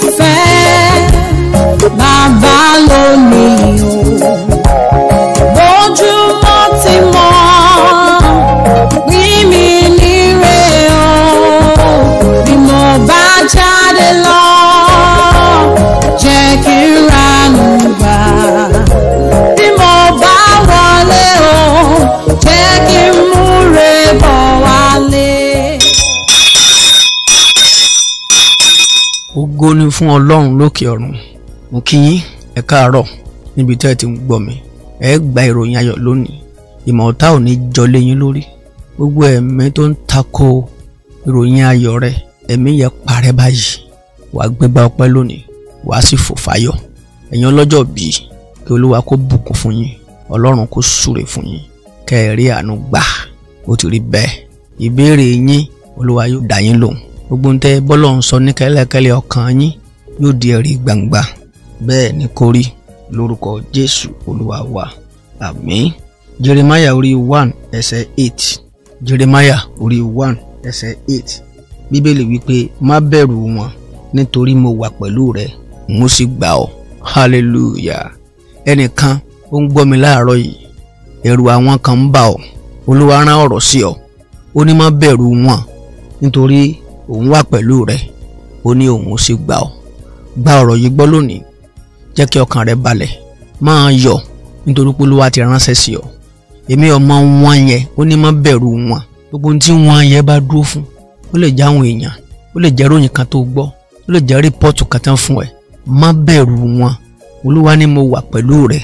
Dios ògo ni fún ọlọ́run lókè ọ̀run mo kí yín ẹ káàárọ̀ níbi tí ẹ ti ń gbọ́ mi ẹ gba ìròyìn ayọ̀ lónìí ìmọ̀ ọ̀tá ò ní jọlé yín lórí gbogbo ẹ̀mí tó ń tako ìròyìn ayọ̀ rẹ ẹ̀mí yẹn parẹ́ báyìí wàá gbégbá ọpẹ́ lónìí wàá sì fò fáyọ̀ ẹ̀yin ọlọ́jọ́ bíi kí olúwa kó bùkún fún yín ọlọ́run kó súre fún yín kẹ́ ẹ rí àánú gbà ó ti rí bẹ́ẹ̀ ìbéèrè yín olúwa yóò dá yín lóhùn gbogbo ń tẹ bọ́lọ̀ ń sọ ní kẹ́lẹ́kẹ́lẹ́ ọkàn yín yóò di ẹ̀rí gbangba bẹ́ẹ̀ ni kó rí lórúkọ jésù olúwa wa àmín jeremiah orí one ẹsẹ̀ eight jeremiah orí one ẹsẹ̀ eight bíbélì wípé má bẹ̀rù wọn nítorí mo wà pẹ̀lú rẹ mo sì gbà ọ́ hallelujah ẹnìkan ó ń gbọ́ mi láàárọ̀ yìí ẹ̀rù àwọn kan ń bà ọ́ olúwa rán ọ̀rọ̀ sí ọ ó ní má bẹ̀rù wọn nítorí òun wà pẹ̀lú rẹ ó ní òun ó sì gbà ọ gba ọ̀rọ̀ yìí gbọ́ lónìí jẹ́ kí ọkàn rẹ balẹ̀ máa yọ̀ nítorí pé olúwa ti ránṣẹ́ sí ọ èmi ọmọ wọn yẹn ó ní má bẹ̀rù wọn gbogbo ohun tí wọn yẹn bá dúró fún ó lè jáwọn èèyàn ó lè jẹ́ ròyìn kan tó gbọ́ ó lè jẹ́ rìpọ́ọ̀tù kan tán fún ẹ má bẹ̀rù wọn olúwa ni mo wà pẹ̀lú rẹ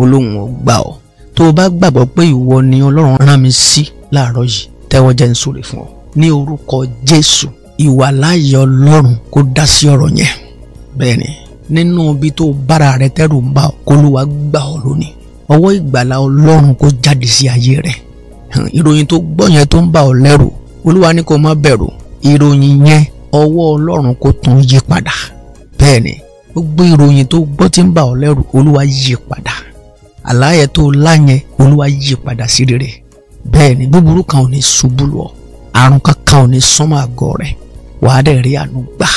olóhùn ó gbà ọ tó o bá gbàgbọ́ pé ìwọ ni ọlọ́run rán mi sí láàárọ̀ yìí tẹ́wọ́ jẹ́ ń súre fún ọ ní orúkọ Jésù ìwàláyé Ọlọ́run kó dá sí ọ̀rọ̀ yẹn bẹ́ẹ̀ ni nínú ibi tó bára rẹ tẹ́rù ń bá ọ kó ló wá gbà ọ lónìí ọwọ́ ìgbàlà Ọlọ́run kó jáde sí ayé rẹ ìròyìn tó gbọ́ yẹn tó ń bá ọ lẹ́rù Olúwa ní kó má bẹ̀rù ìròyìn yẹn ọwọ́ Ọlọ́run kó tún yí padà bẹ́ẹ̀ ni gbogbo ìròyìn tó gbọ́ tí ń bà ọ́ lẹ́rù olúwa yí padà àlá tó lá olúwa yí padà sí rere bẹ́ẹ̀ ni búburú kan ò ní ṣubú lọ àrùn kankan ò ní sánmọ́ àgọ́ rẹ̀ wàá dẹ̀ rí àánú gbà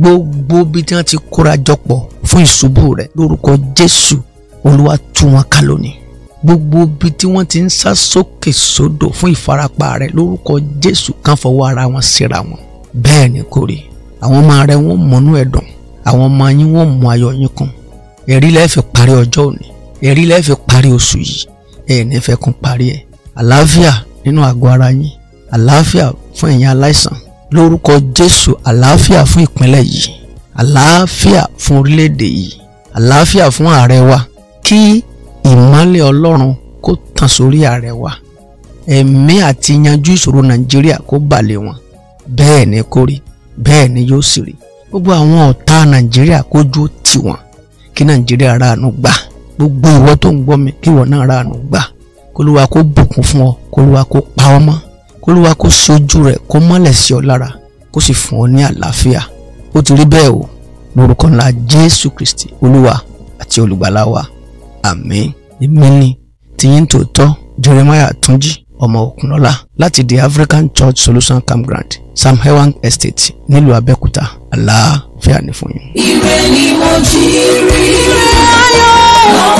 gbogbo bí tí wọ́n ti kóra jọpọ̀ fún ìṣubú rẹ̀ lórúkọ Jésù Olúwa tú wọn ká lónìí gbogbo ibi tí wọ́n ti ń sá sókè sódò fún ìfarapa rẹ̀ lórúkọ Jésù kan fọwọ́ ara wọn síra wọn bẹ́ẹ̀ ni kò rí àwọn ọmọ rẹ wọ́n mọ̀nú ẹ̀dùn àwọn ọmọ yín wọ́n mọ ayọ̀ yín kan ẹ̀rí lẹ́ẹ̀ fi parí ọjọ́ òní ẹ̀rí lẹ́ẹ̀ fi parí oṣù yìí ẹ̀ ní fẹ́ kún parí ẹ̀ àlàáfíà nínú àgọ́ ara yín àlàáfíà fún ẹ̀yin aláìsàn lórúkọ Jésù àlàáfíà fún ìpínlẹ̀ yìí àlàáfíà fún orílẹ̀-èdè yìí àlàáfíà fún ààrẹ wa kí ìmọ́lẹ̀ Ọlọ́run kó tàn sórí ààrẹ wa ẹ̀mí àti yanjú ìṣòro Nàìjíríà kó balẹ̀ wọn bẹ́ẹ̀ ni kó rí bẹ́ẹ̀ ni yóò sì rí gbogbo àwọn ọ̀tá Nàìjíríà kójú tì wọ́n kí Nàìjíríà ráàánú gbà gbogbo ìwọ tó ń gbọ́ mi kí ìwọ náà ráàánú gbà kólúwa kó bùkún fún ọ kólúwa kó pa ọ́ mọ́ kólúwa kó ṣe ojú rẹ̀ kó mọ́lẹ̀ sí ọ lára kó sì fún ọ ní àlàáfíà ó ti rí bẹ́ẹ̀ o lórúkọ ńlá jésù kristi olúwa àti olùgbàlà wa àmín èmi ni tiyín tòótọ́ jeremiah túnjí ọmọ òkunlọ́lá láti the african church solution campground sam hewan estate nílùú abẹ́òkúta àlàáfíà ni fún yín. ire ni mo jí rí rẹ́ ayọ̀.